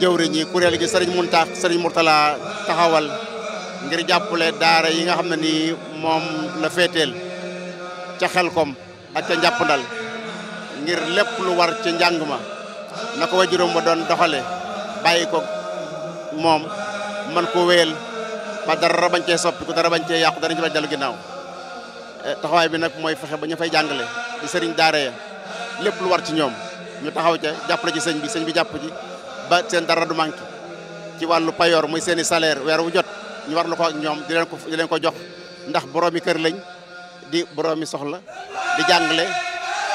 jëwriñ yi kuréel gi sëriñ Muntax sëriñ Murtala taxawal ngir jàppale daara yi nga xam ne nii moom la féeteel ca xelkom ak ca njàppandal ngir lépp lu war ci njàng ma na ko wajuróom ba doon doxale bàyyi ko moom man ko wéyal ba dara bañ cee soppi ku dara bañ cee yàqu dara ñu bañ dellu ginnaaw eh, taxawaay bi nag mooy fexe ba ñu fay jàngale di sëriñ daara ya lépp lu war ci ñoom ñu taxaw ca jàppale ji sëñ bi sëñ bi jàpp ji ba seen dara du manqué ci walu payor muy seni salaire weer wu jot ñu war la ak di len ko di len ko jox ndax keur lañ di boromi soxla di jangale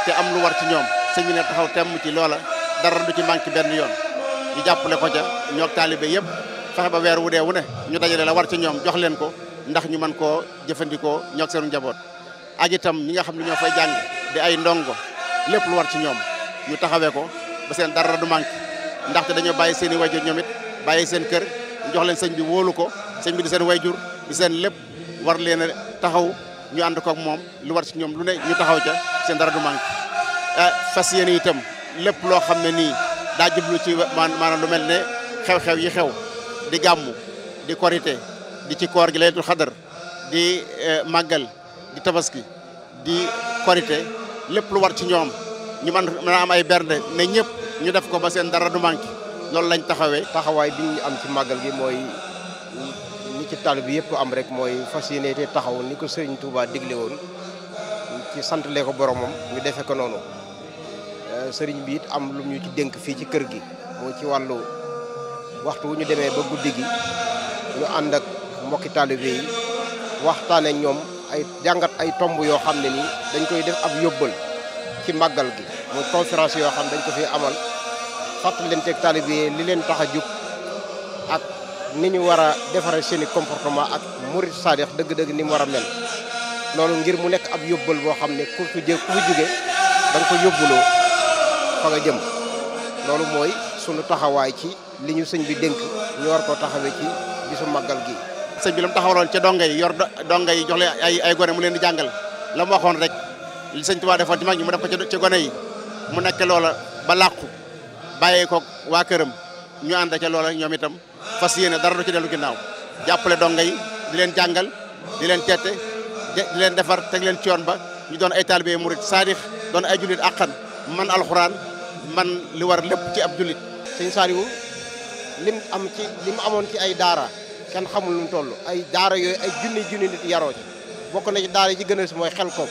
te am lu war ci ñom sëñ ne taxaw tem ci lola dara du ci manki ben yoon di jappale ko ja ñok talibé yëpp fexe ba weer wu dee wu ne ñu dajale la war ci ñom jox len ko ndax ñu man ko jëfëndiko ñok seenu njabot aji tam ñi nga xamni ño fay jang di ay ndongo lepp lu war ci ñom ñu taxawé ko ba seen dara du manki ndax dañu bayyi seeni ñomit bàyyi seen kër jox leen sëñ bi wóolu ko sëñ bi di seen wayjur di seen lépp war leen a taxaw ñu ànd ko moom lu war ci ñoom lu ne ñu taxaw ca seen dara du manqué ah fas yéene itam lépp loo xam ne nii daa jublu ci maanaam lu mel ne xew-xew yi xew di gàmmu di korité di ci koor gi laylatul xadar di eh, màggal di tabaski di korité lépp lu war ci ñoom ñu mën mën a am ay bernde ne ñëpp ñu def ko ba seen dara du manqué noonu lañ taxawee taxawaay bi am ci màggal gi mooy ñi ci taalibe bi yëpp am rek mooy fas yéene te taxaw ni ko Serigne Touba digle woon ci santalee ko boromam ñu defe ko noonu euh, sëriñ bi it am lu ñu ci dénk fii ci kër gi moo ci wàllu waxtu wu ñu demee ba guddi gi ñu ànd ak mbokki taalibe yi waxtaane ñoom ay jàngat ay tomb yoo xam ne nii dañ koy def ab yóbbal ci màggal gi muy conférence yoo xam dañ ko fi amal fàttali leen teg taalibe yi li leen tax a jub ak ni ñu war a defaree seen comportement ak murid saadix dëgg-dëgg ni mu war a mel loolu ngir mu nekk ab yóbbal boo xam ne ku fi jë ku fi jóge da nga ko yóbbuloo nga jëm loolu mooy sunu taxawaay ci li ñu sëñ bi dënk ñu war koo taxawee ci bisu maggal gi. sëñ bi la mu taxawaloon ca donga yi yor donga yi jox leen ay ay gone mu leen di jàngal la mu waxoon rek li sëñ Tuubaa defoon ci mag ñi mu def ko ca gone yi mu nekk loola ba làqu bàyyi ko waa këram ñu ànd ca loola ñoom itam fas yéene dara du ci dellu ginnaaw jàppale donga yi di leen jàngal di leen tette di leen defar te leen ci yoon ba ñu doon ay taalibe murit saadix doon ay jullit àqan man alxuraan man li war lépp ci ab jullit. sëñ Saliou lim am ci li mu amoon ci ay daara kenn xamul lu mu toll ay daara yooyu ay junni junni nit yaroo ci bokk na ci daara yi ci gën a mooy xel koom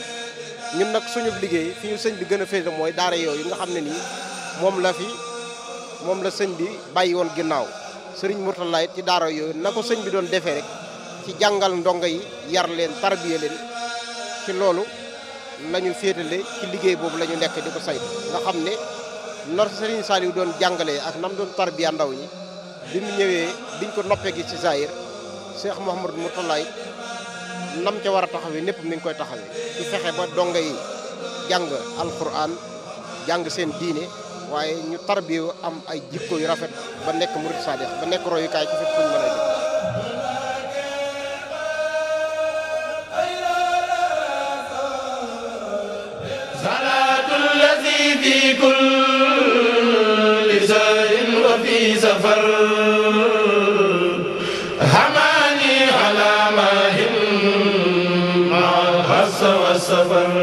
ñun nag suñu liggéey fi ñu sëñ bi gën a féete mooy daara yooyu nga xam ne nii moom la fi. moom la sëñ bi bàyyi woon ginnaaw sëriñ Mourtala it ci daara yooyu na ko sëñ bi doon defee rek ci jàngal ndongo yi yar leen tarbiya leen ci loolu la ñu féetale ci liggéey boobu la ñu nekk di ko saytu nga xam ne nor sëriñ Saliou doon jàngalee ak nam doon tarbiya ndaw ñi bi mu ñëwee biñ ko noppee gi ci Zahir Cheikh Mouhamadou Mourtala it nam ca war a taxawe népp mi koy taxawee ci fexe ba dongo yi jàng alquran jàng seen diine waaye ñu tarbiyu am ay jikko yu rafet ba nekk murid saadix ba nekk royukaay ci fépp fu ñu mën a jëm salaatul lazi fi kulli sahrin wa fi safar hamani ala mahin ma al hassa wa safar